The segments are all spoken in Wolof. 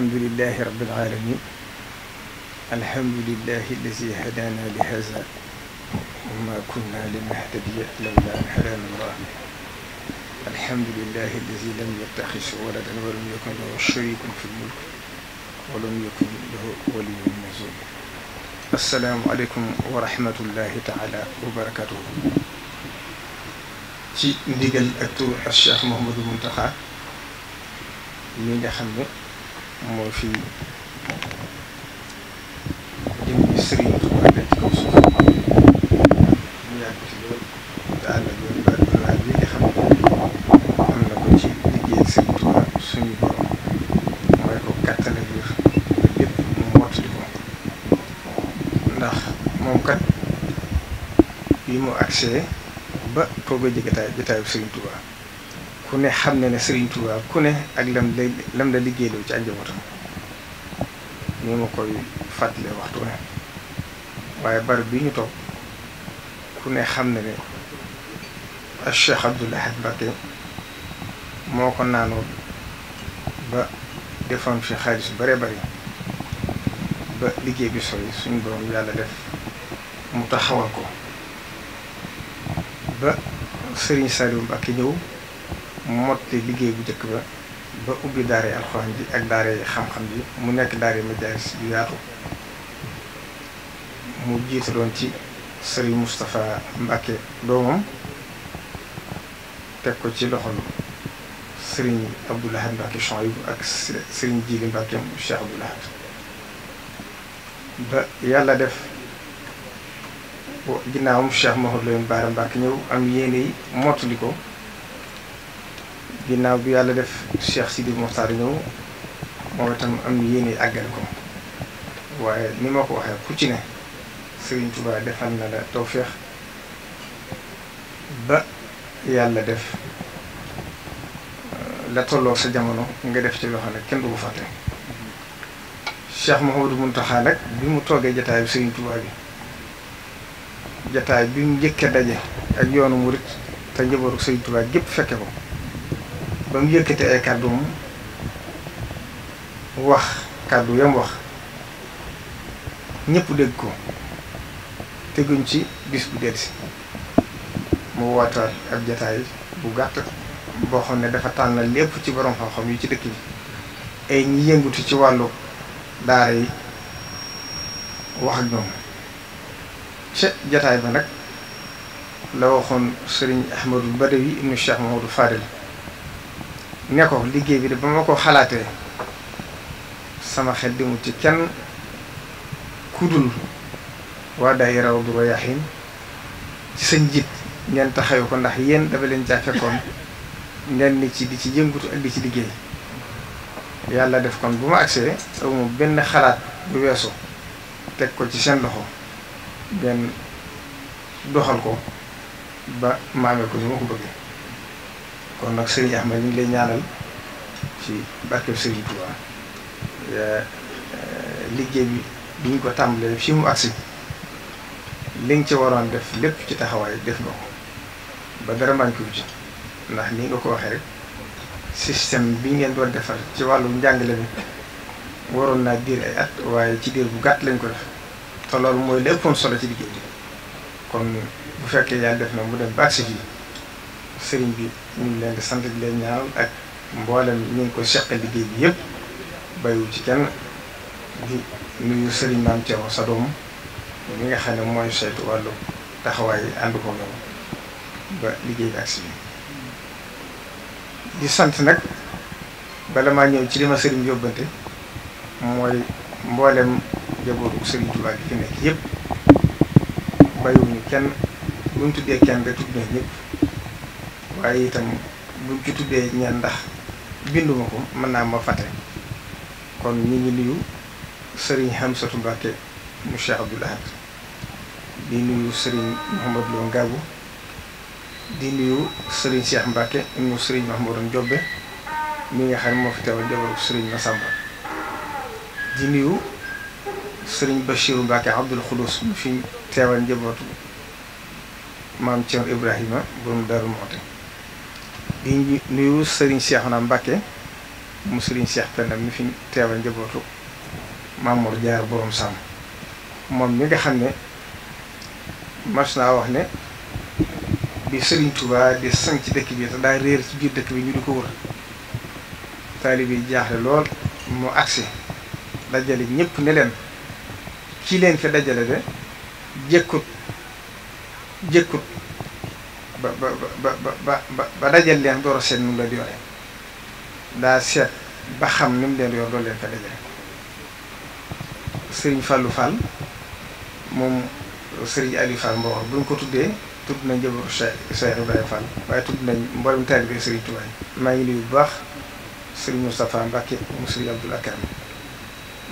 alhamdulilahi rabbil alamin alhamdulilahi allazi hadana li haza wama kunna linahtadiya lawla an hadana allah alhamdulilahi allazi lam yattaxis waladan walam yakun lahu sharikun fi lmulk walam yakun lahu waliyun min zulm assalaamu aleykum wa rahmatullahi taala wa barakatuhu ci ndigal ak turu Cheikh Mouhamadou Mountakha mi nga xam ne moo fi jëm bi sëriñ Tuubaa nekk ci kaw suuf mu yàgg ba am na ko ci liggéey sëriñ Tuubaa suñu borom mooy ko kattan ak wér lépp mu mottali ko ndax moom kat bi mu agsee ba toog a jege sëriñ Tuubaa ku ne xam ne ne Serigne Touba ku ne ak lam la liggéey la ci ak njabootam ni ma koy fàttale waxtu ne waaye bari bi ñu toog ku ne xam ne ne ak Cheikh Abdoul Ahad Mbacké moo ko naanoo ba defoon fi xaalis bare bare ba liggéey bi sooy suñu borom yàlla def mu taxawal ko ba Serigne Saliou Mbacké ñëw motti liggéey bu njëkk ba ba ubbi daara yi alxuraan ji ak daara yi xam-xam ji mu nekk daara yi majaalis yu yaatu mu jiite ci sëriñ Moustapha Mbacke doomam teg ko ci loxol sëriñ Abdou Lahad Mbacke Chouaïb ak sëriñ Jili Mbacke mu Cheikh Abdou ba yàlla def ginnaawam Cheikh Mouhamadou Lamine Bara Mbacke ñëw am yéene yi mottali ko ginnaaw bi yàlla def Cheikh Sidi Mokhtar ñëw moom itam am yéene àggal ko waaye ni ma ko waxee ku ci ne Serigne Touba defal na la tawféex ba yàlla def euh, la tolloo sa jamono nga def ci loo xam ne kenn du ko fàtte Cheikh Mouhamadou Mountakha nag bi mu toogee jataayu Serigne Touba bi jataay bi mu njëkk a daje ak yoonu murit te njabootu Serigne Touba gépp fekke ko ba mu yëkkati ay kàdduum wax kàddu yam wax ñépp dégg ko teguñ ci bis bu si mu wootaat ab jataay bu gàtt boo xam ne dafa tànn lépp ci borom xam-xam yu ci dëkk bi ay yëngutu ci wàllu daara yi wax ak ñoom ca jataay ba nag la waxoon sëriñ Ahmadou Badawi ibnu Cheikh Mamadou Fadil ne ko liggéey bi de ba ma ko xalaatee sama xel demul ci kenn kudul waa daay Rawdu Rayaahiin ci sa njiit ngeen taxawu ko ndax yéen dafa leen caa fekkoon ngeen ni ci di ci yëngutu ak di ci liggéey yàlla def kon bu ma agsee amuma benn xalaat bu weesu teg ko ci seen loxo ngeen doxal ko ba maame ko ni ma ko bëggee kon nag sëriñ ma ñu ngi lay ñaanal ci barkeb sëriñ Tuubaa eh, eh, liggéey bi bi ñu ko tàmbalee fi mu agsi li nga ci waroon def lépp ci taxawaay def nga ko ba dara mbañ ko ci ndax ni nga ko waxee rek système bi ngeen doon defar ci wàllu njàngale bi waroon naa diir ay at waaye ci diir bu gàtt lañ ko def te loolu mooy li ëppoon solo ci liggéey bi kon bu fekkee yàlla def na mu dem ba agsi fii sëriñ bi ñu ngi leen di sant di leen ñaanal ak mboolem ñu ngi ko seqal liggéey bi yëpp bayu ci kenn di nuyu sëriñ maam Thiaw sa doom mi nga xam ne mooy saytu wàllu taxawaay yi ànd ko moom ba liggéey bi ak si di sant nag bala maa ñëw ci li ma sëriñ yóbbante mooy mboolem jabootu sëriñ Tuubaa gi fi nekk yëpp bayuñu kenn bu ñu kenn rek tudd na waaye itam buñ ci tuddee ñeen ndax binduma ko mën naa ma fàtte kon ñu ngi nuyu sëriñ Hamsatu Mbàkke mu Cheikh Abdoul Ahad di nuyu sëriñ Mouhamad Lo di nuyu sëriñ Cheikh Mbàkke mu sëriñ Mahmoudou Ndiobbe mi nga xam ne moo fi teewal jabaru sëriñ Massamba di nuyu sëriñ Bachiru Mbàkke Abdoul Khoudous mu fi teewal njabootu maam Thierno Ibrahima borom Daaru Muxti di nuyu Serigne Cheikhouna Mbacké mu Serigne Cheikh Penda mi fi teewal njabootu Mamour Diar borom Sam moom mi nga xam ne mas naa wax ne bi Serigne Touba di sanc ci dëkk bi te daa réer ci biir dëkk bi ñu di ko wër taalibe jaaxle lool mu agsi dajale ñëpp ne ci leen fi dajale de jëkkut jëkkut ba ba ba ba ba ba dajal leen door a seet nu mu la di daa seet ba xam ni mu leen yor doo leen fa dajale sëriñ Fallou Fall moom sëriñ Aliou Fall Mbowar bu ñu ko tuddee tudd nañ jëbër Cheikh waaye tudd nañ mboolem taalibe sëriñ Touba maa bu baax sëriñ Moustapha Mbacke mu sëriñ Abdoul Akram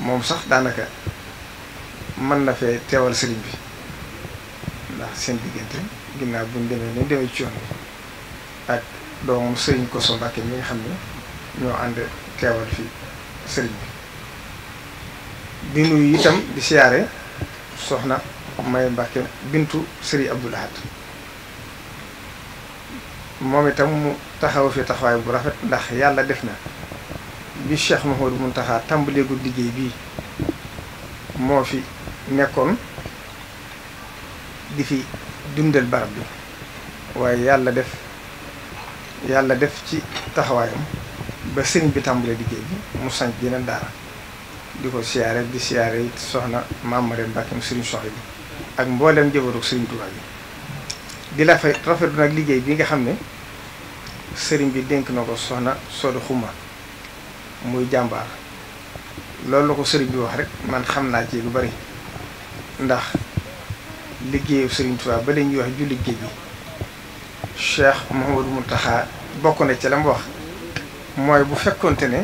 moom sax daanaka mën na fee teewal sëriñ bi ndax seen diggante. ginnaaw bu ñu demee ne demee ci yoon ak doomu sëriñ Koso Mbàkke mi nga xam ne ñoo ànd teewal fi sëriñ bi di nuyu itam di siyaare soxna May Mbàkke bintu sëriñ Abdul Ahad moom itam mu taxaw fi taxawaay bu rafet ndax yàlla def na bi Cheikh Mouhamadou Mountakha tàmbaleegu liggéey bii moo fi nekkoon di fi dundal barab bi waaye yàlla def yàlla def ci taxawaayam ba sëriñ bi tàmbalee liggéey bi mu sanc yeneen daara di ko siyaare di siyaare it soxna Maam Marème Mbàkke mu sëriñ soxla bi ak mboolem jëbaru sëriñ Tuubaa bi di la fay rafetlu nag liggéey bi nga xam ne sëriñ bi denk na ko soxna Soda Xuma muy jàmbaar loolu la ko sëriñ bi wax rek man xam naa ci lu bari ndax liggéeyu Serigne Touba ba lañuy wax julli géej gi Cheikh mu Mountakha bokk na ci la mu wax mooy bu fekkonte ne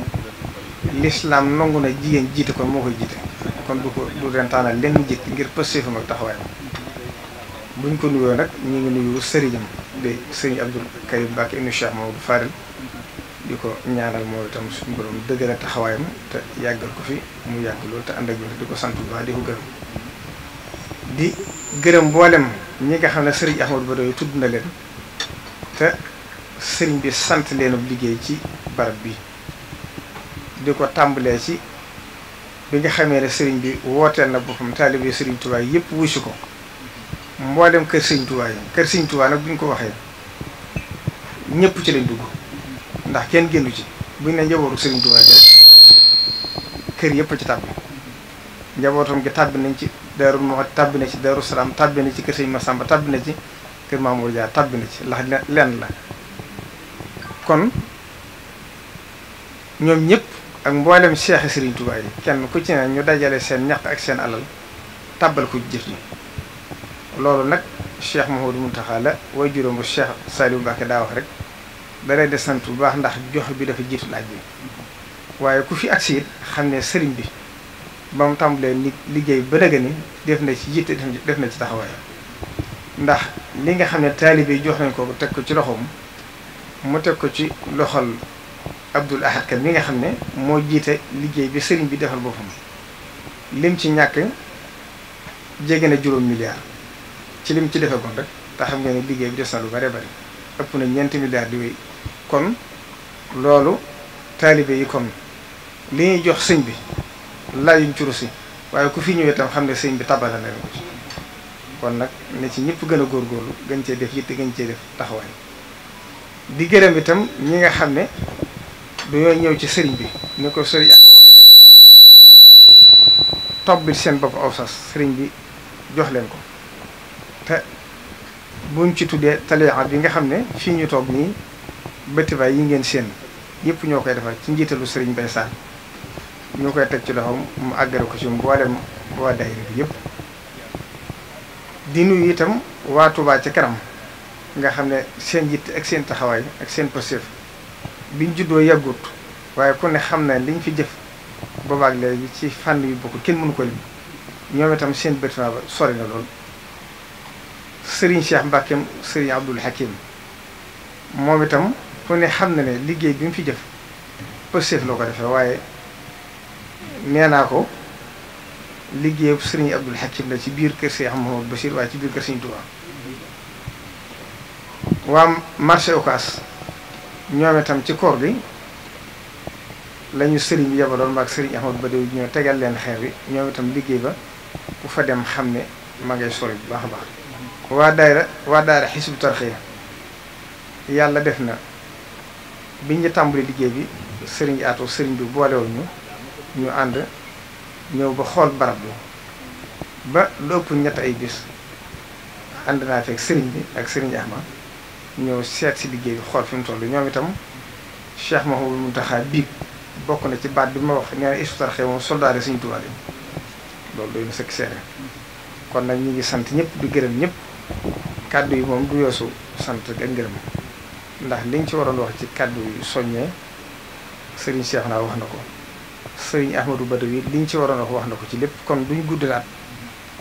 l'islam nangu na jigéen jiite kon moo koy jiite kon du ko du rentaanal lenn jëkk ngir pëstéefam ak taxawaayam buñ ko nuyoo nag ñu ngi nuyu sëriñam de sëriñ Abdou Karim Mbacké ibnu Cheikh Mouhamadou Fadel di ko ñaanal mooy itam suñu borom dëggal taxawaayam te yàggal ko fi mu yàgg loolu te ànd ak di ko sant bu baax di ko gër di gërëm mboolem ñi nga xam ne sëriñ Ahmadou Badawi tudd na leen te sëriñ bi sant leen liggéey ci barab bi di ko tàmbalee ci bi nga xamee ne sëriñ bi wooteel na boppam taalibe sëriñ Touba yëpp si ko mboolem kër sëriñ Touba kër sëriñ Touba nag bu ñu ko waxee ñëpp ci lañ dugg ndax kenn génnu ci buñ ne njabootu sëriñ Touba ji kër yëpp ci tàbbi njabootam gi tàbbi nañ ci Daaru Muxti tàbbi na ci Daaru Salaam tàbbi na ci kër Sëñ Masamba tàbbi na ci kër Mamour Dia tàbbi na ci ndax lenn la kon ñoom ñëpp ak mboolem seexi Sëriñ Tuubaa kenn ku ci ne ñu dajale seen ñaq ak seen alal tàbbal ko jëf ñi loolu nag Cheikh Mouhamadou Mountakha la way juróom bu Cheikh Saliou Mbacké daa wax rek dalay de sant bu baax ndax jox bi dafa jiitu laaj bi waaye ku fi agsi it xam ne sëriñ bi ba mu tàmbalee li liggéey bërëga ni def na ci yitte def na ci taxawaay ndax li nga xam ne taalibe jox nañ ko teg ko ci loxoom mu teg ko ci loxol Abdul Ahad Ka mi nga xam ne moo jiite liggéey bi sëriñ bi defal boppam lim ci ñàkk jege na juróom milliard ci lim ci defe kon rek te xam nga ne liggéey bi des na lu bare bari ëpp na ñeenti milliard di wéy kon loolu taalibe yi kon li ñuy jox sëñ bi laayuñ ci rusi waaye ku fi ñëwee itam xam ne sëñ bi tabale na leen ko ci kon nag ne ci ñëpp gën a góorgóorlu gën cee def yitte gën cee def taxawaay di gërëm itam ñi nga xam ne dañoo ñëw ci sëriñ bi ni ko sëriñ Axma waxee léegi tobbil seen bopp aw sas sëriñ bi jox leen ko te buñ ci tuddee taliya bi nga xam ne fii ñu toog nii bëtibaay yi ngeen seen yëpp ñoo koy defal ci njiitalu sëriñ Bay Sall ñoo koy teg ci loxoom mu àggale ko ci mboolem waa daayira bi yëpp di nuyu itam waa Touba ci kanam nga xam ne seen yitt ak seen taxawaay ak seen pëstéef biñ juddoo yàggut waaye ku ne xam na liñ fi jëf boobaak léegi ci fànn yu bokk kenn mënu ko lim ñoom itam seen bâtiment ba sori na lool sëriñ Cheikh Mbackeem Serigne Abdoul Hakim moom itam ku ne xam na ne liggéey bi mu fi jëf pëstéef loo ko defee waaye. nee naa ko liggéeyub sëriñ Abdul Hakim la ci biir kër Cheikh Mouhamadou Bachir waaye ci biir kër Sëriñ Touba waa marché Ocass ñoom itam ci koor gi lañu sëriñ bi yabaloon maag sëriñ Ahmad ba dew ñoo tegal leen xeer bi ñoom itam liggéey ba ku fa dem xam ne ma ngay sol bu baax a baax waa daayira waa daayira xisbu tarxiya yàlla def na bi ñu tàmbali liggéey bi sëriñ aatu sëriñ bi boolewuñu ñu ànd ñëw ba xool barab bi ba lu ëpp ñett ay bis ànd naa fekk sëriñ bi ak sëriñ Ahma ñëw seet si liggéey bi xool fi mu toll ñoom itam Cheikh Mahamadou Mountakha biig bokk na ci baat bi ma wax nee na Hizbut Tarqiyyah moom soldaare Sëriñ Tuubaa loolu doy na sëkk seere kon nag ñu ngi sant ñëpp du gërëm ñëpp kàddu yi moom du yoosu sant ak ngërëm ndax liñ ci waroon wax ci kàddu yi soññee sëriñ Cheikh naa wax na ko sëriñ Ahmadou Badawi liñ ci waroon a wax na ko ci lépp kon duñ guddalaat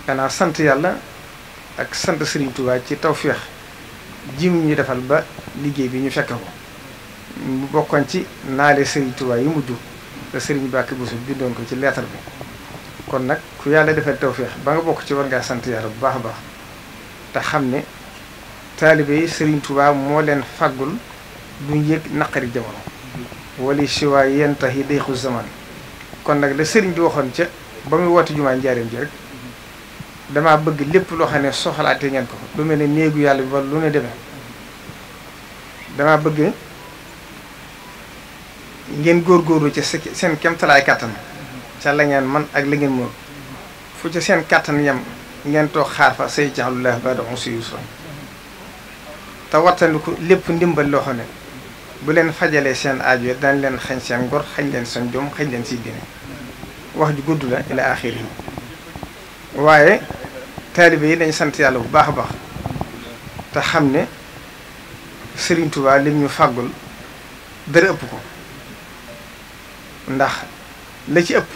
xanaa sant yàlla ak sant sëriñ tubaa ci tawféex jim ñu defal ba liggéey bi ñu fekk ko mu bokkoon ci naale sëriñ Touba yi mujj te sëriñ Bakk Bousso bindoon ko ci leetar bi kon nag ku yàlla defal tawféex ba nga bokk ci war ngaa sant yàlla bu baax a baax te xam ne taalibe sëriñ Touba moo leen faggul duñ yëg naqari jamono wala si yenn tax yi day xus zaman kon nag la sëriñ bi waxoon ca ba muy woote jumaa njaareem ji rek damaa bëgg lépp loo xam ne soxlaate ngeen ko lu mel ni néegu yàlla bi wala lu ne demee damaa bëgg ngeen góorgóorlu ca seen kemtalaay kàttan ca la ngeen man ak la ngeen moom fu ca seen kàttan yem ngeen toog xaar fa say jaxlu laa ba da te wattandiku lépp ndimbal loo ne bu leen fajalee seen aajo dañ leen xañ seen ngor xañ leen seen jom xañ leen si diine wax ju gudd la ila axiri waaye taalibe yi dañ sant yàlla bu baax a baax te xam ne Serigne Touba lim ñu fàggul dara ëpp ko ndax la ci ëpp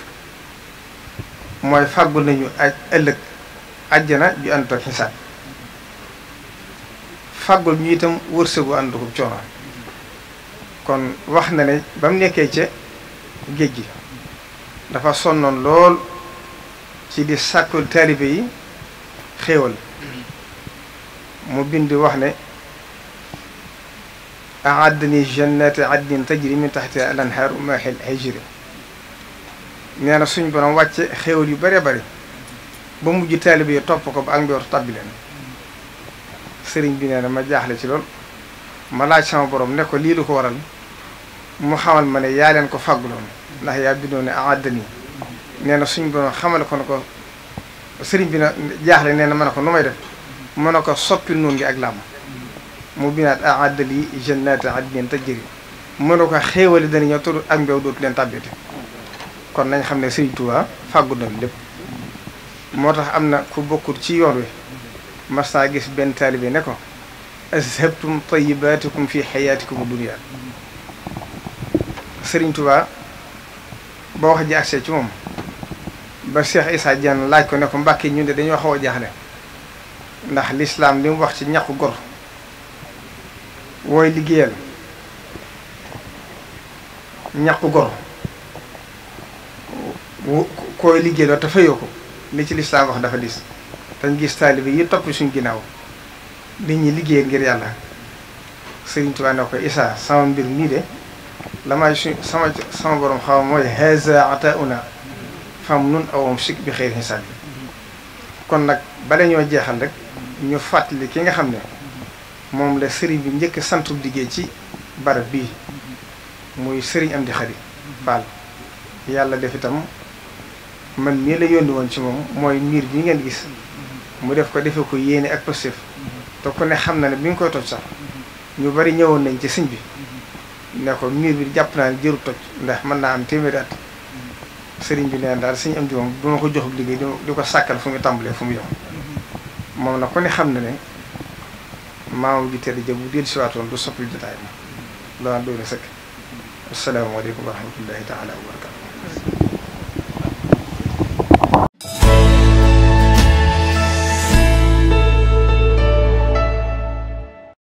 mooy fàggul nañu aj ëllëg àjjana ju ànd ak xisaab fàggul ñu itam wërsëgu ànd ko coono. kon wax na ne ba mu nekkee ca géej gi dafa sonnoon lool ci di sàkkul taalibe yi xéewal mu bind wax ne a jannati addin tajri min taxtiha al anhaar ma xel hijri nee na suñ borom wàcce xéewal yu bare bare ba mujj taalibe yi topp ko ba ak mbiwar tàbbi leen sëriñ bi neen na ma jaaxle ci lool ma laaj sama borom ne lii lu ko waral mu xamal ma ne yaa leen ko fàgguloon ndax yaa bindoon ne ahaddani nee na suñ borom xamal ko ne ko sëriñ bi na jaaxle nee na ma ne ko nu may def mu ko soppil noonu gi ak làmm mu binaat ahaddali jannaati adnin tajri mu ne ko xéewali dana ñëw tudd ak mbeew dootu leen tàbbeete kon nañ xam ne sëriñ Tuubaa fàggu na lépp moo tax am na ku bokkul ci yoon wi mas naa gis benn taalibe ne ko azhabtum tayyibatikum fi hayatikum dunya sëriñ tubaa ba wax ji agsee ci moom ba Cheikh Issa Dieng laaj ko ne ko Mbàkke ñun de dañoo xaw a jaaxle ndax lislaam li mu wax ci ñàkku gor wooy liggéeyal ñàkku gor koy liggéeyloo te fayoo ko li ci lislaam wax dafa dis dañ gis taalibe yi topp suñ ginnaaw nit ñi liggéeyal ngir yàlla Serigne Touba ne ko Issa sama mbir nii de la may su sama sama borom xam mooy haza atauna fam nun awam sik bi xëy xisaab bi kon nag bale ñoo jeexal rek ñu fàttali ki nga xam ne moom la sëriñ bi njëkk santub liggéey ci barab bii muy sëriñ am di xari Fall yàlla def itam man mii la yónni woon ci moom mooy miir bi ngeen gis mu def ko defe ko yéene ak positif te ku ne xam na ne bi nga koy toj sax ñu bari ñëwoon nañ ci siñ bi nekkoon ko miir bi jàpp naa ne jëru toj ndax mën naa am téeméeri at sëriñ bi neen daal suñu am ji moom ma ko joxub liggéey di ko sàkkal fu mu tàmbalee fu mu yem moom na ko ne xam ne ne maamam ji tedd jëbu del siwaatoon du soppi jotaay ma loolu doy sëkk asalaamaaleykum wa rahmatullahi taala wa